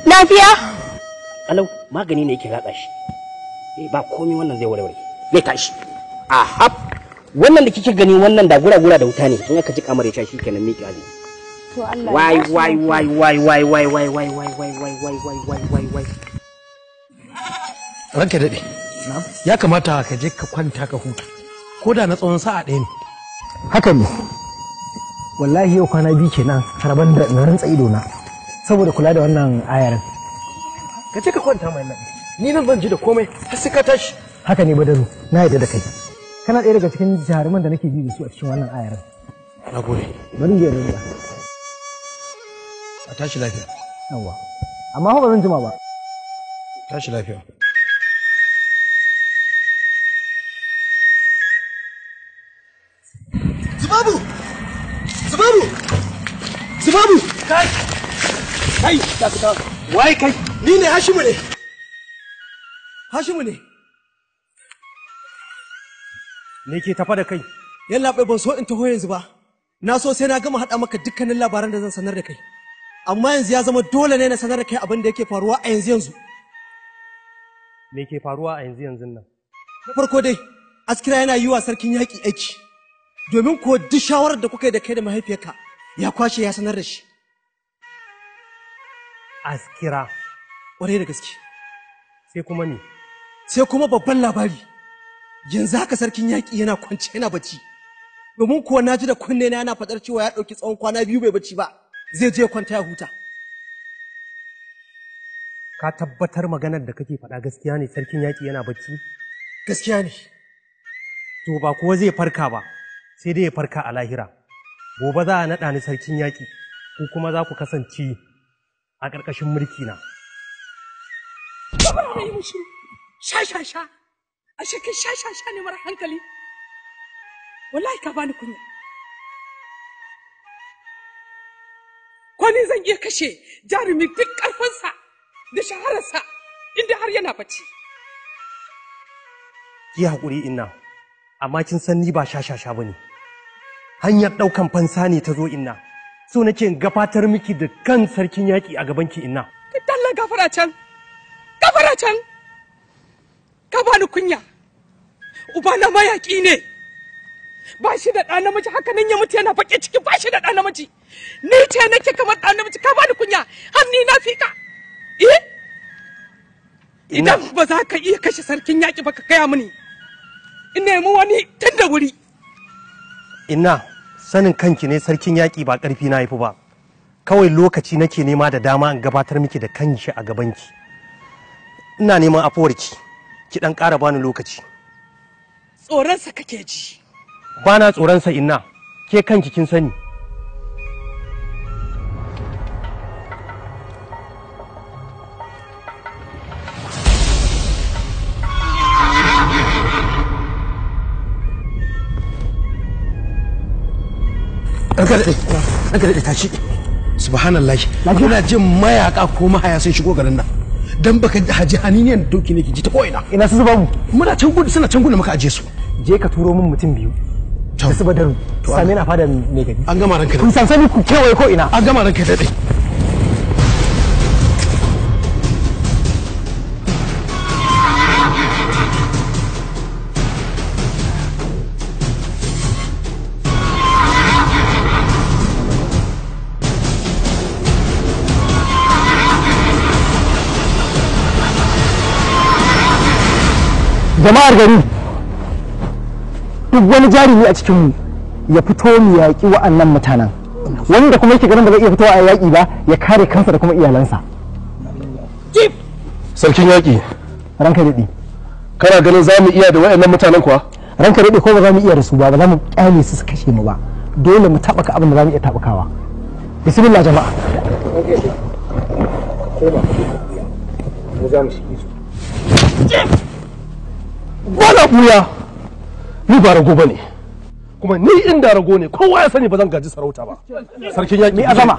lafiya alau magani ne yake raka shi eh ba komai wannan zai warware zai tashi a wannan da kike gani wannan da gura gura da wuta ne in aka ji kamar ya shi kenan miki azu to Allah wai wai wai wai wai wai wai wai wai wai wai wai wai wai wai ranka daɗe ya kamata ka je ka kwanta ka huta ko da na tsawon sa'a ɗaya ne haka ne wallahi yau kwana biyu kenan harban da na rantsa ido na saboda kula da wannan ayarin ka je ka kwanta mai nan ni nan zan ji da komai har sai ka tashi haka ne badaru na yarda da kai kana ɗaya daga cikin jaruman da nake bi da su a cikin wannan ayarin na gode bari je da a tashi lafiya yawa amma ba zan jima ba tashi lafiya babu kai kai ta fita wai kai ni ne hashimu ne hashimu ne me ke tafa da kai yalla bai ban so in taho yanzu ba na so sai na gama hada maka dukkanin labaran da zan sanar da kai amma yanzu ya zama dole ne na sanar da kai abin da yake faruwa a yanzu yanzu me ke faruwa a yanzu yanzu nan na farko dai askira yana yi wa sarkin yaƙi aiki domin ko duk shawarar da kuka yi da kai da mahaifiyarka ya kwashe ya sanar da shi askira ƙwarai da gaske sai kuma ne sai kuma babban labari yanzu haka sarkin yaƙi yana kwance yana bacci domin kuwa na ji da kunne na yana fadar cewa ya ɗauki tsawon kwana biyu bai bacci ba zai je kwanta ya huta ka tabbatar maganar da kake faɗa gaskiya ne sarkin yaƙi yana bacci gaskiya ne to ba kuwa zai farka ba sai dai ya farka a lahira gobe za a naɗa ni sarkin yaƙi ko kuma za ku kasance a ƙarƙashin mulki na. Kamar yi mushi sha sha a shekin sha ne mara hankali wallahi ka bani kunya. Ko ni zan iya kashe jarumi duk ƙarfinsa da shahararsa inda har yana bacci. Ki haƙuri ina, amma kin san ni ba sha sha sha ba ne. hanyar ɗaukan fansa ne ta zo inna so na ce gabatar miki da kan sarkin yaƙi a gabanki inna ka dalla gafara can gafara can ka bani kunya ubana mayaƙi ne ba shi da ɗa namiji haka nan ya mutu yana baƙin ciki ba shi da ɗa namiji ni ce nake kamar ɗa namiji ka bani kunya har ni na fika eh idan ba za ka iya kashe sarkin yaƙi ba ka gaya mini in nemi wani tun da wuri Inna, sanin kanki ne sarkin yaƙi ba ƙarfi na haifu ba kawai lokaci nake nema da dama in gabatar miki da shi a gabanki ina neman afuwarki ki ɗan ƙara bani lokaci tsoronsa kake ji ba na tsoronsa inna ke kanki kin sani ranka daɗe tashi subhanallah yana jin mayaka ko mahaya sun shigo garin nan dan baka haji haniniyan doki ne ki ji ta ko'ina ina su zuba mu muna can gudu suna can gudu muka aje su je ka turo min mutum biyu ta su badaru na fada mai an gama ranka daɗe kun ku kewaye ko ina an gama ranka jama'ar gari duk wani jarumi a cikinmu ya fito mu yaƙi wa'annan mutanen wanda kuma yake ganin ba zai iya fitowa a yaƙi ba ya kare kansa da kuma iyalansa sarkin yaƙi ranka daɗi kana ganin za mu iya da wa'annan mutanen kuwa ranka daɗi ko ba za mu iya da su ba ba za mu ƙyale su su kashe mu ba dole mu taɓaka abin da za mu iya taɓakawa bismillah jama'a Yeah. ba na buya ni ba rago ba ne kuma ni in da rago ne kowa ya sani ba zan gaji sarauta ba sarkin yaƙi azama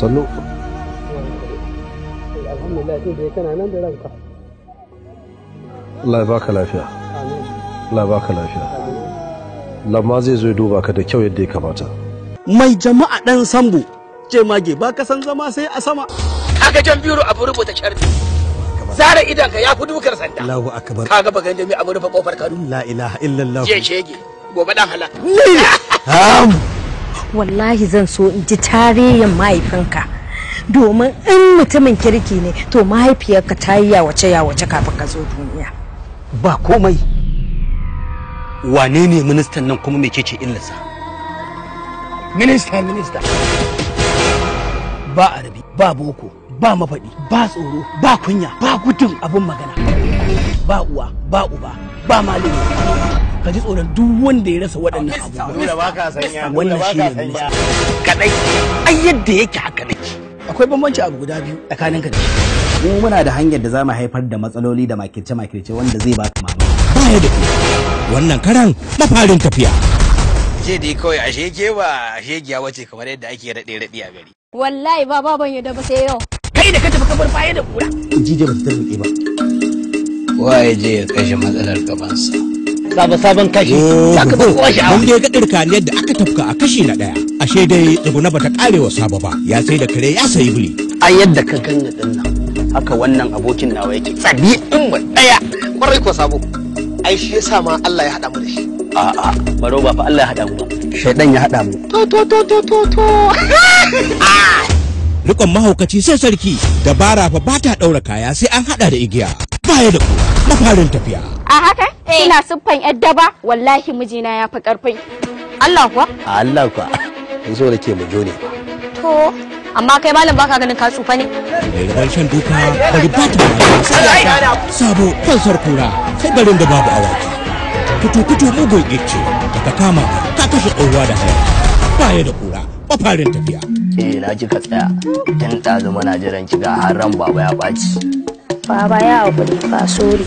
sallo Allah ya baka lafiya Allah ya baka lafiya lamma zai zo duba ka da kyau yadda ya kamata mai jama'a dan sambu ce mage ba ka san zama sai a sama aka jan biro abu rubuta sharti zara idan ka ya fi dukar sanda Allahu akbar kaga bagan jami'a abu rubuta kofar kadu la ilaha illallah je shege gobe dan halaka ha wallahi zan so in ji tarihin mahaifinka domin in mutumin kirki ne to mahaifiyarka ta yi yawace yawace kafin ka zo duniya ba komai wane ne ministan nan kuma mai kece illarsa minista minista ba arabi ba boko ba mafaɗi ba tsoro ba kunya ba gudun abin magana ba uwa ba uba ba malami ka ji tsoron duk wanda ya rasa waɗannan abubuwa wannan shi kadai ai yadda yake haka ne akwai bambanci abu guda biyu tsakanin ka da mu muna da hanyar da za mu haifar da matsaloli da makirce makirce wanda zai baka mamaki baya da ku wannan karan na farin tafiya je da kawai a ke ba a giya wace kamar yadda ake raɗe raɗe a gari wallahi ba baban yadda ba sai yau kai da ka tafi kamar baya da kura jije ba ta tafi ba waye je ya kashe matsalar gabansa sabon sabon kashi saka ka kuwa sha'awa a wanda ya ga ne yadda aka tafka a kashi na ɗaya ashe dai tsuguna bata karewa sabo ba ya sai da kare ya sayi buli a yadda ka ganna ɗin nan haka wannan abokin nawa yake tsabi ɗin ba ɗaya kwarai ko sabo ai shi yasa ma Allah ya haɗa mu da shi a'a baro ba fa Allah ya haɗa mu ba shaidan ya haɗa mu to to to to to to rikon mahaukaci sai sarki dabara fa ba ta ɗaura kaya sai an haɗa da igiya baya da kowa na farin tafiya Eh. kina siffan yadda ba wallahi mijina ya fi karfin Allah kuwa Allah kuwa in so da ke mu jone to amma kai malam baka ganin ka tsufa ne mai shan duka bari ba ta sabo fansar kura sai garin da babu awaki kutu kutu mugun ice daga kama ka kashe ɗauwa da haya baya da kura kwafarin tafiya eh na ji ka tsaya tun ɗazu mana jiran ki ga haram baba ya baci. baba ya hakuri ba sori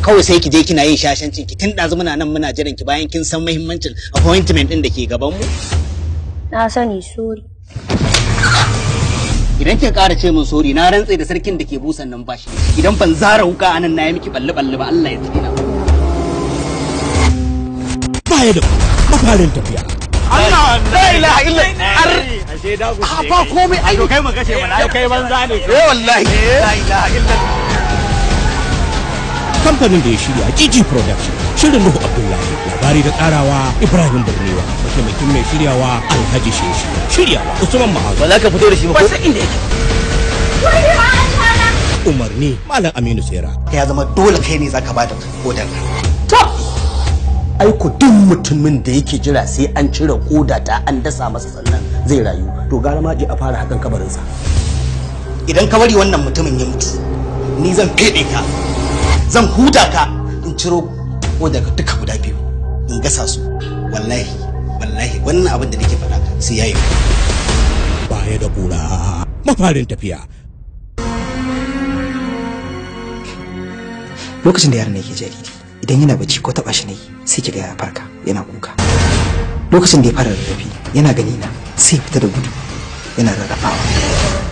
kawai sai ki je kina yin shashancin ki tun ɗazu muna nan muna jiran ki bayan kin san muhimmancin appointment ɗin da ke gaban mu na sani sori idan kin ƙara ce min sori na rantse da sarkin da ke busan nan bashi idan ban zara wuka anan na yi miki balle balle ba Allah ya Ba baya da mafarin tafiya Allah la ilaha illa ar ashe da ku ba komai ai kai magace mana kai banza ne eh wallahi eh. la ilaha illa kamfanin da ya shirya GG Production shirin Nuhu Abdullahi labari da tsarawa Ibrahim Birniwa mataimakin mai shiryawa Alhaji Sheshi shiryawa Usman Mahazu ba ka fito da shi ba ko sai inda yake umarni Malam Aminu Tsera ya zama dole kai ne zaka bada kodar to aiko duk mutumin da yake jira sai an cire koda ta an dasa masa sannan zai rayu to gara ma je a fara hakan kabarinsa idan ka bari wannan mutumin ya mutu ni zan fede ka zan huda ka in ciro ko daga duka guda biyu in gasa su wallahi wallahi wannan abin da nake faɗa sai yayi baya da kura mafarin tafiya lokacin da yaron yake jariri idan yana bacci ko taba shi ne sai kiga ya farka yana kuka lokacin da ya fara rarrafe yana gani na sai fita da gudu yana rarrafawa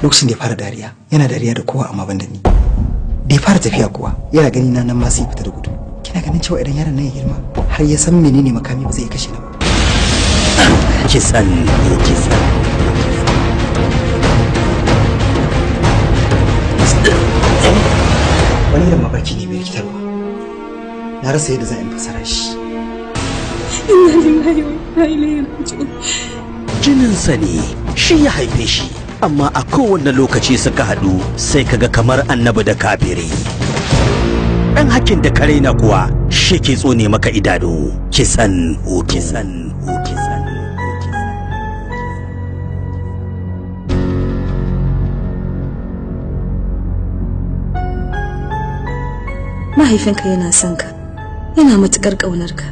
lokacin da ya fara dariya yana dariya da kowa amma ban da ni da ya fara tafiya kuwa yana gani na nan ma sai fita da gudu kina ganin cewa idan yaron nan ya girma har ya san menene makami ba zai kashe na ba kitsan ne kitsan wani irin mafarki ne mai rikitarwa na rasa yadda zan fassara shi inna lillahi wa inna ilaihi raji'un jininsa ne shi ya haife shi amma a kowane lokaci suka haɗu sai kaga kamar annabi da kafiri ɗan hakin da kare na kuwa shi ke tsone maka idanu kisan hutu kisan mahaifinka yana son ka yana matuƙar ƙaunarka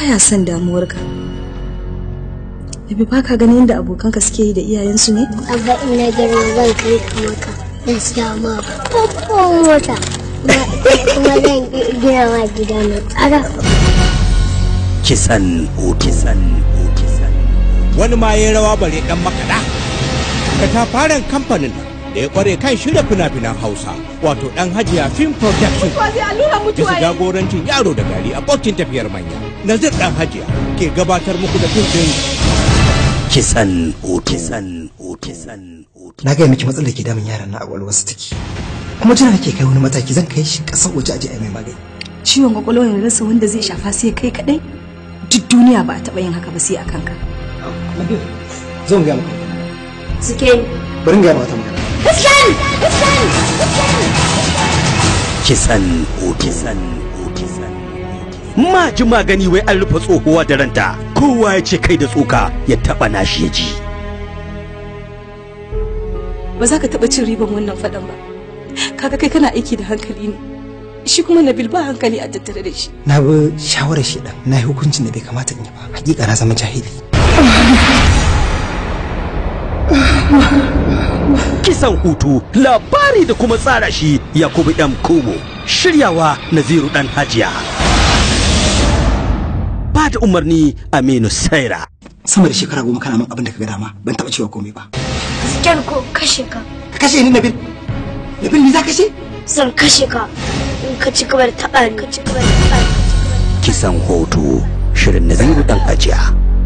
baya son damuwarka Ebi ba ka ganin yadda abokanka suke yi da iyayensu ne? Abba ina girma zan kai ka maka. Zan siya ma babban mota. Kuma zan gina ma gida na tsara. Kisan Kisan Wani ma ya rawa bare dan makaɗa. Katafaren kamfanin da ya kware kan shirya fina-finan hausa wato dan hajiya film production bisa jagorancin yaro da gari abokin tafiyar manya nazir dan hajiya ke gabatar muku da fim din kisan hoto na gaya miki matsalar ke damun yaran na a walwar su take kuma tana nake kai wani mataki zan kai shi kasar waje aje a mai magani ciwon kwakwalwa ne rasa wanda zai shafa sai kai kadai duk duniya ba a taba yin haka ba sai a kanka Zan mu ga maka suke bari ga maka magana kisan kisan kisan hoto ma ji magani wai an rufe tsohuwa da ranta kowa ya ce kai da tsoka ya taba nashi ya ji ba za ka taba cin riban wannan fadan ba kaga kai kana aiki da hankali ne shi kuma Nabil ba hankali a tattare da shi na bi shawarar shi dan na yi hukuncin da bai kamata in yi ba hakika na zama jahili kisan hutu labari da kuma tsara shi yakubu dan komo shiryawa naziru dan hajiya ba da umarni Aminu Saira. Sama da shekara goma kana min abin da ka ga dama ban taɓa cewa komai ba. kan ko kashe ka. Ka kashe ni Nabil. Nabil ni za kashe? san kashe ka. In ka ci gaba da taɓa ni. Kisan hoto shirin Naziru dan ajiya.